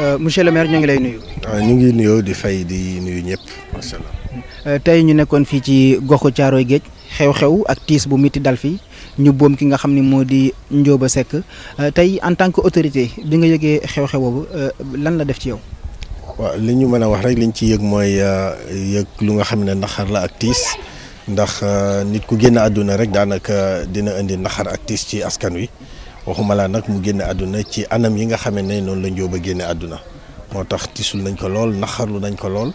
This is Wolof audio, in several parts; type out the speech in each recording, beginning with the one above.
Euh, monsieur le maire ñoo ngi lay nuyu. waaw ah, ñu ngi nuyoo di fay di nuyu ñëpp tey ñu nekkoon fii ci goxu Caaroy Géej xew-xew ak tiis bu miti dal fii ñu boom ki nga xam ni moo di Ndioba sekk euh, tey en tant que autorité bi nga yëgee xew-xew boobu euh, lan la def ci yow. waaw li ñu mën a wax rek ñu ci yëg mooy euh, yëg lu nga xam ne naxar la ak tiis ndax nit ku génn àdduna rek daanaka dina indi naxar ak tiis ci askan wi waxuma laa nag mu génn àdduna ci anam yi nga xamee ne noonu la Ndioba génne àdduna moo tax tiisul nañ ko lool naxarlu nañ ko lool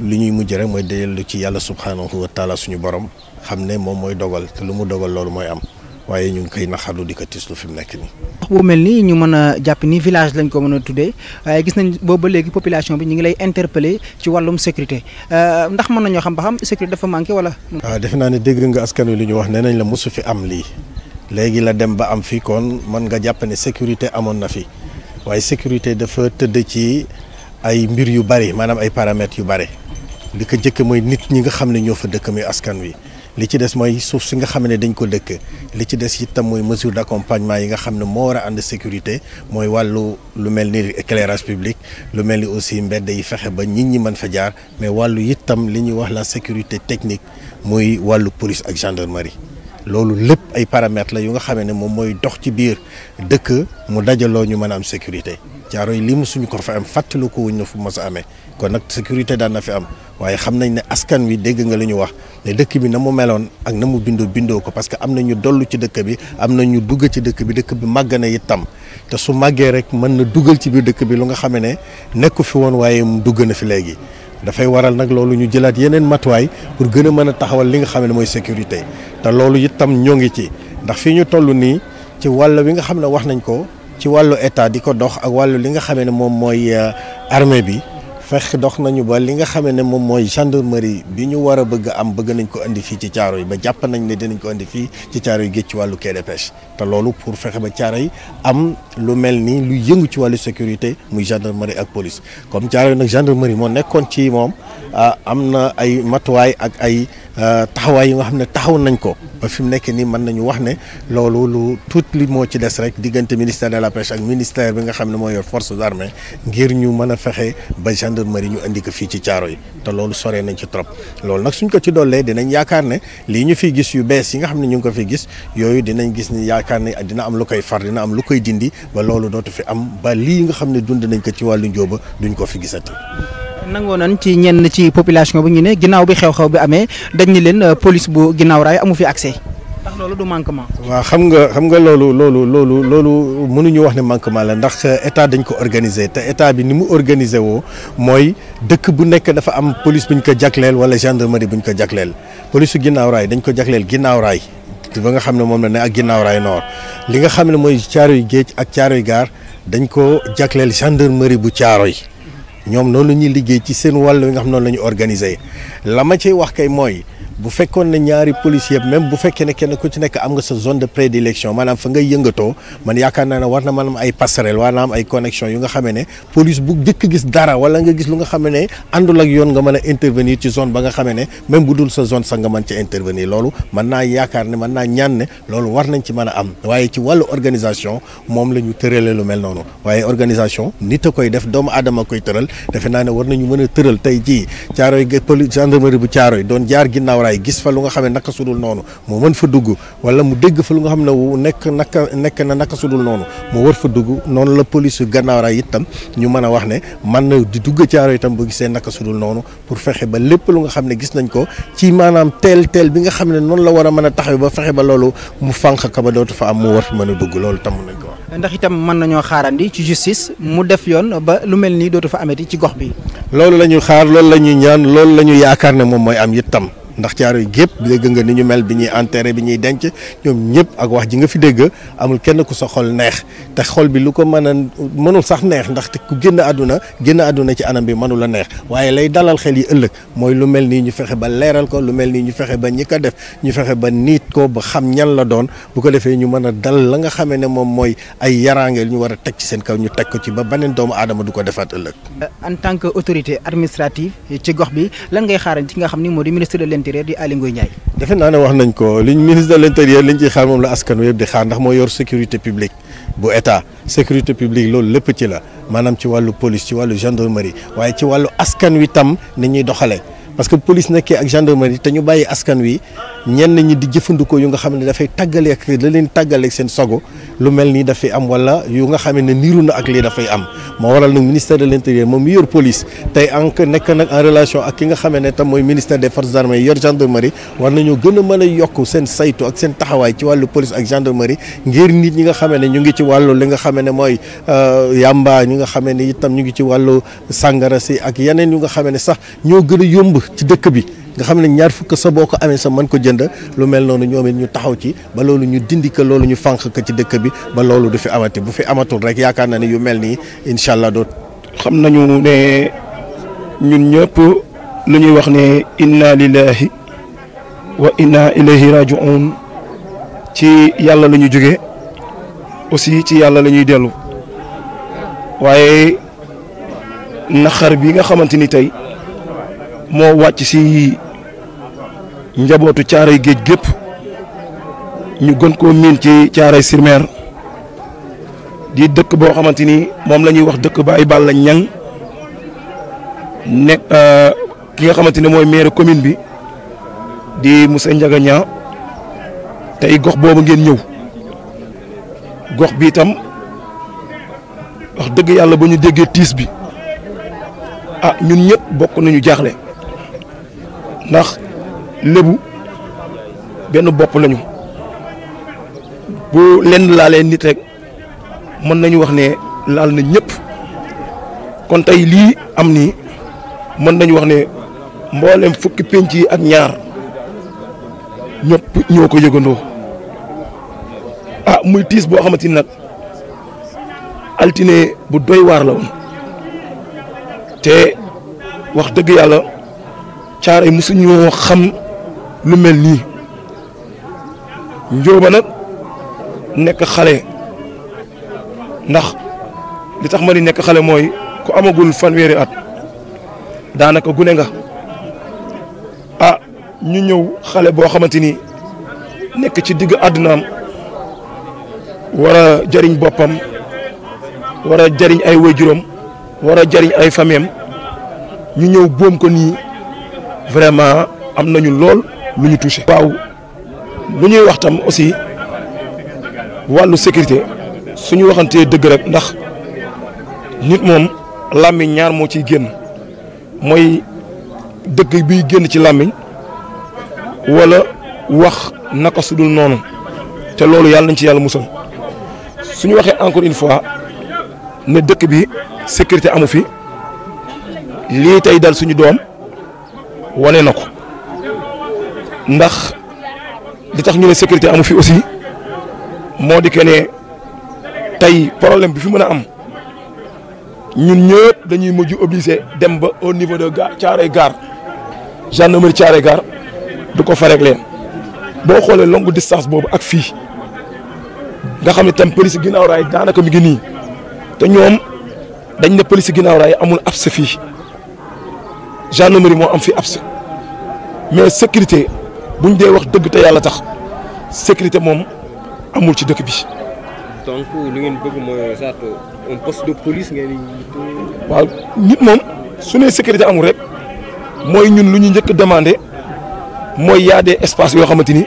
lu ñuy mujj rek mooy dellu ci yàlla subhaanahu wa taala suñu borom xam ne moom mooy dogal te lu mu dogal loolu mooy am waaye ñu ngi koy naxarlu di ko tislu mu nekk nii. wax mel nii ñu mën a jàpp ni village lañ ko mën a tuddee waaye gis nañ boobu ba léegi population bi ñu ngi lay ci wàllum sécurité euh, ndax mën nañoo xam ba xam sécurité dafa manqué wala. Ah, defe naa ne dégg nga askan wi li ñu wax nee nañ la mosu fi am lii léegi la dem ba am fi kon mën nga jàpp ne sécurité amoon na fi waaye sécurité dafa tëdd ci ay mbir yu bari maanaam ay paramètres yu bari li ko njëkk mooy nit ñi nga xam ne ñoo fa dëkk muy askan wi li ci des mooy suuf si nga xam ne dañ ko dëkk li ci des itam mooy mesure d'accompagnement yi nga xam ne moo war a ànd sécurité mooy wàllu lu mel ni éclairage publique lu mel ni aussi mbedd yi fexe ba nit ñi mën fa jaar mais wàllu itam li ñuy wax la sécurité technique muy wàllu police ak gendarmerie loolu lépp ay paramètres la yu nga xamee ne moom mooy dox ci biir dëkk mu dajaloo ñu mën a am sécurité Caaroy lii suñu ko fa am fàttali ko wuñ na fu mos a amee kon nag sécurité daan fi am waaye xam nañ ne askan wi dégg nga li ñu wax ne dëkk bi na mu meloon ak na mu bindoo bindoo ko parce que am na ñu dollu ci dëkk bi am na ñu dugg ci dëkk bi dëkk bi màgg na itam te su màggee rek mën na dugal ci biir dëkk bi lu nga xamee ne nekku fi woon waaye mu dugg na fi léegi dafay waral nag loolu ñu jëlaat yeneen matuwaay pour gën a mën a taxawal li nga xam ne mooy sécurité te loolu itam ñoo ngi ci ndax fii ñu toll nii ci wàll wi nga xam ne wax nañ ko ci wàllu état di ko dox ak wàllu li nga xam ne moom mooy euh, armée bi. fex dox nañu ba li nga xamee ne moom mooy gendarmerie bi ñu war a bëgg am bëgg nañ ko indi fii ci caaro yi ba jàpp nañ ne dinañ ko indi fii ci caaro yi géej ci wàllu quai te loolu pour fexe ba caaro yi am lu mel ni lu yëngu ci wàllu sécurité muy gendarmerie ak police comme caaro yi nag gendarmerie moo nekkoon ci moom ah, am na ay matuwaay ak ay ah, taxawaay yi nga xam ne taxaw nañ ko. ba fi mu nekk nii mën nañu wax ne loolu lu tuut li moo ci des rek diggante ministère de la pêche ak ministère bi nga xam ne mooy yor forces armées ngir ñu mën a fexe ba gendarmerie ñu indi ko fii ci caaro yi te loolu soree nañ ci trop loolu nag suñ ko ci dollee dinañ yaakaar ne lii ñu fiy gis yu bees yi nga xam ne ñu ngi ko fi gis yooyu dinañ gis ni yaakaar ne dina am lu koy far dina am lu koy dindi ba loolu dootu fi am ba lii nga xam ne dund nañ ko ci wàllu njóoba duñ ko fi gisati nangoo nañ ci ñenn ci population bi ñu ne ginnaaw bi xew-xew bi amee dañ ni leen euh, police bu ginnaaw raay amu fi accès. ndax loolu du manquement. waaw xam nga xam nga loolu loolu loolu loolu mënuñu wax ne manquement la ndax euh, état dañ ko organiser te état bi ni mu organiser woo mooy dëkk bu nekk dafa am police buñ ko jagleel wala gendarmerie bu ñu ko jagleel police su ginnaaw raay dañ ko jagleel ginnaaw raay. ba nga xam ne moom la ne ak ginnaaw raay noor li nga xam ne mooy caaroy géej ak caaroy gaar dañ ko jagleel gendarmerie bu caaroy ñoom noonu la ñuy liggéey ci seen wàll wi nga xam noonu lañu ñu la ma ciy wax kay mooy bu fekkoon ne ñaari policier même bu fekkee ne kenn ku ci nekk am nga sa zone de prédilection maanaam fa nga yëngatoo man yaakaar naa ne war na maanaam ay passerelle war na am ay connexion yu nga xamee ne police bu jëkk gis dara wala nga gis lu nga xamee ne àndul ak yoon nga mën a intervenir ci zone ba nga xamee ne même bu sa zone sax nga mën ci intervenir loolu mën naa yaakaar ne mën naa ñaan ne loolu war nañ ci mën a am waaye ci wàllu organisation moom la ñu tëralee lu mel noonu waaye organisation nit a koy def doomu aadama koy tëral defe naa ne war nañu mën a tëral tey jii caaroy poli gendarmerie bu caaro yi doon jaar ginnaaw raay gis fa lu nga xam ne naka sudul noonu moo mën fa dugg wala mu dégg fa lu nga xam ne nekk naka nekk na naka sudul noonu moo war fa dugg noonu la police yu itam ñu mën a wax ne man na di dugg caaroy itam bu gisee naka sudul noonu pour fexe ba lépp lu nga xam ne gis nañ ko ci maanaam teel teel bi nga xam ne noonu la war a mën a taxaw ba fexe ba loolu mu fànq ka ba dootu fa am mu war fi mën a dugg loolu tam nañ ko wax ndax itam mën nañoo xaarandi ci justice mu def yoon ba lu mel nii dootu fa amati ci gox bi. loolu la ñuy xaar loolu la ñuy ñaan loolu la ñu yaakaar ne moom mooy am itam ndax caaro yi gépp dégg nga ni ñu mel bi ñuy enterré bi ñuy denc ñoom ñëpp ak wax ji nga fi dégg amul kenn ku sa xol neex te xol bi lu ko mën a mënul sax neex ndax te ku génn àdduna génn àdduna ci anam bi mënul a neex waaye lay dalal xel yi ëllëg mooy lu mel nii ñu fexe ba leeral ko lu mel nii ñu fexe ba ñi def ñu fexe ba niit ko ba xam ñan la doon bu ko defee ñu mën a dal la nga xamee ne moom mooy ay yaraange ñu war a teg ci seen kaw ñu teg ko ci ba beneen doomu aadama du ko defaat ëllëg. en tant ci gox bi lan ngay xam ni moo l'intérieur di Aly defe naa ne wax nañ ko liñ ministre de l'intérieur liñ ciy xaar moom la askan wi yëpp di xaar ndax moo yor sécurité publique bu état sécurité publique loolu lépp ci la maanaam ci wàllu police ci wàllu gendarmerie waaye ci wàllu askan witam tam ni ñuy doxalee parce que police nekkee ak gendarmerie te ñu bàyyi askan wi ñenn ñi di jëfandikoo yu nga xam ne dafay tàggale ak la leen tàggale ak seen sago lu mel nii dafay am wala yu nga xam ne niiru na ak lii dafay am moo waral nag ministère de l' intérieur moom mi yor police te en nekk nag en relation ak ki nga xam ne tam mooy ministère des forces armées yor gendarmerie war nañoo gën a mën a yokk seen saytu ak seen taxawaay ci wàllu police ak gendarmerie ngir nit ñi nga xam ne ñu ngi ci wàllu li nga xam ne mooy euh, yàmba ñi nga xam ne itam ñu ngi ci wàllu sàngara si ak yeneen yu nga xam ne sax ñoo gën a yomb ci dëkk bi nga xam ne ñaar fukk sa boo ko amee sa man ko jënd lu mel noonu ñoom it ñu taxaw ci ba loolu ñu dindi ko loolu ñu fànq ko ci dëkk bi ba loolu du fi amati bu fi amatul rek yaakaar na ne yu mel nii incha doot xam nañu ne ñun ñëpp lu ñuy wax ne inna lillahi wa inna ilayhi rajiun ci yàlla lañuy ñu jóge aussi ci yàlla lañuy dellu waaye naxar bi nga xamante ni tey moo wàcc si njabootu caaray géej gépp ñu gën koo miin ci caaray sur mer di dëkk boo xamante ni moom la ñuy wax dëkk ba Baye Balla Niang nekk euh, ki nga xamante ne mooy maire commune bi di Moussa Ndiaga Niang tey gox boobu ngeen ñëw gox bi itam wax dëgg yàlla ba ñu déggee tiis bi a ah, ñun ñëpp bokk nañu jaaxle ndax lébu benn bopp lañu bu lenn laalee nit rek mën nañu wax ne laal na ñépp kon tey lii am nii mën nañu wax ne mboolem fukki penc yi ak ñaar ñëpp ñoo ko yëgandoo ah muy tiis boo xamante ni nag altine bu doy waar la woon te wax dëgg yàlla. caare yi mosuñoo xam lu mel nii njóoba nag nekk xale ndax li tax ma di nekk xale mooy ku amagul fanweeri at daanaka gune nga a ah, ñu ñëw xale boo xamante ni nekk ci digg àddunaam war a jëriñ boppam wara a jëriñ ay waajuram war a jëriñ ay famem ñu ñëw boom ko nii. vraiment am nañu lool lu ñu touché. waaw lu ñuy wax tam aussi wàllu sécurité suñu waxantee dëgg rek ndax nit moom làmmiñ ñaar moo ciy génn mooy dëkk biy génn ci làmmiñ wala wax naka sudul noonu te loolu yàlla nañ ci yàlla musal suñu waxee encore une fois ne dëkk bi sécurité amu fi lii tey dal suñu doom. wane na ko ndax li tax ñu ne sécurité amu fi aussi moo di que ne tey problème bi fi mën a am ñun ñëpp dañuy mujj obligé dem ba au niveau de gare Thiaroye gare gendarmerie Thiaroye gar du ko fa rek boo xoolee longue distance boobu ak fii nga xam ne tam police ginnaaw raay daanaka mi ngi nii te ñoom dañ ne police ginnaaw raay amul abse fii gendarmerie moo am fi abse mais sécurité bu buñ dee wax dëgg te yàlla tax sécurité moom amul ci dëkk bi. donc li ngeen bëgg mooy sax un poste de police waaw nit moom su nee sécurité amul rek mooy ñun lu ñu njëkk demandé mooy y a des espaces yoo xamante ni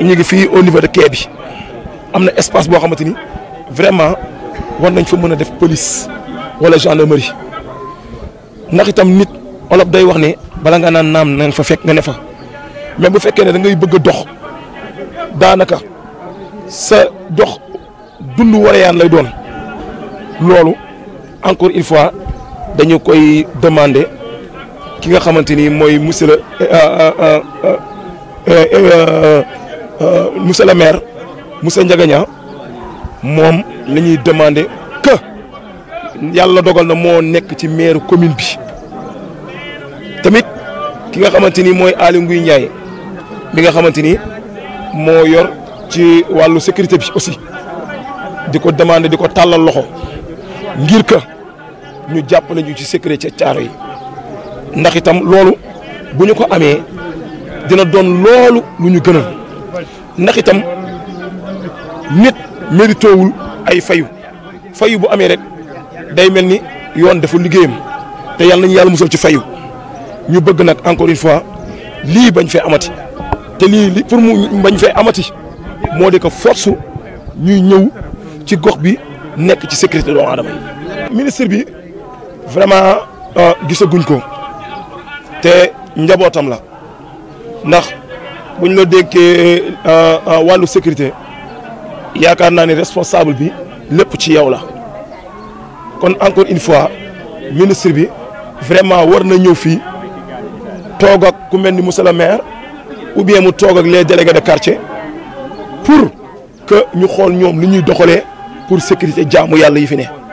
ñu ngi fii au niveau de quai bi am na espace boo xamante ni vraiment war nañ fa mën a def police wala gendarmerie ndax itam nit olof day wax ne. bala nga naan naam na nga fa fekk nga ne fa mais bu fekkee ne da ngay bëgg a dox daanaka sa dox dund warayaan lay doon loolu encore une fois dañu koy demander ki nga xamante ni mooy monsieur le euh, euh, euh, monsieur le maire monsieur Ndiagaña moom la ñuy demander que yàlla dogal na moo nekk ci maire commune bi. tamit ki nga xamante ni mooy Aly Ngouille Ndiaye bi nga xamante ni moo yor ci wàllu sécurité bi aussi di ko demander di ko tàllal loxo ngir ka ñu jàppale ñu ci sécurité caaro yi ndax itam loolu bu ñu ko amee dina doon loolu lu ñu gënal ndax itam nit méritowul ay fayu fayu bu amee rek day mel ni yoon dafa liggéeyam te yàlla nañu yàlla musal ci fayu ñu bëgg nag encore une fois lii bañ fee amati te lii li pour mu bañ fee amati moo di ko force ñuy ñëw ci gox bi nekk ci sécurité doomu aadama ministre bi vraiment euh, gisaguñ ko te njabootam la ndax buñ la dénkee euh, euh, wàllu sécurité yaakaar naa ne responsable bi lépp ci yow la kon encore une fois ministre bi vraiment war na ñëw fii. toog ak ku mel ni monsieur le maire ou bien mu toog ak les délégués de quartier pour que ñu xool ñoom lu ñuy doxalee pour sécurité jaamu yàlla yi fi ne.